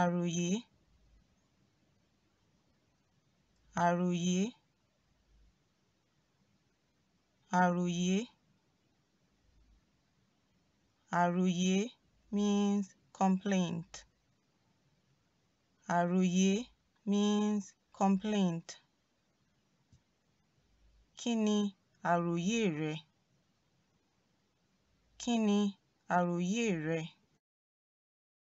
àròyé àròyé àròyé àròyé means complaint àròyé means complaint kí ni àròyé rẹ kí àròyé rẹ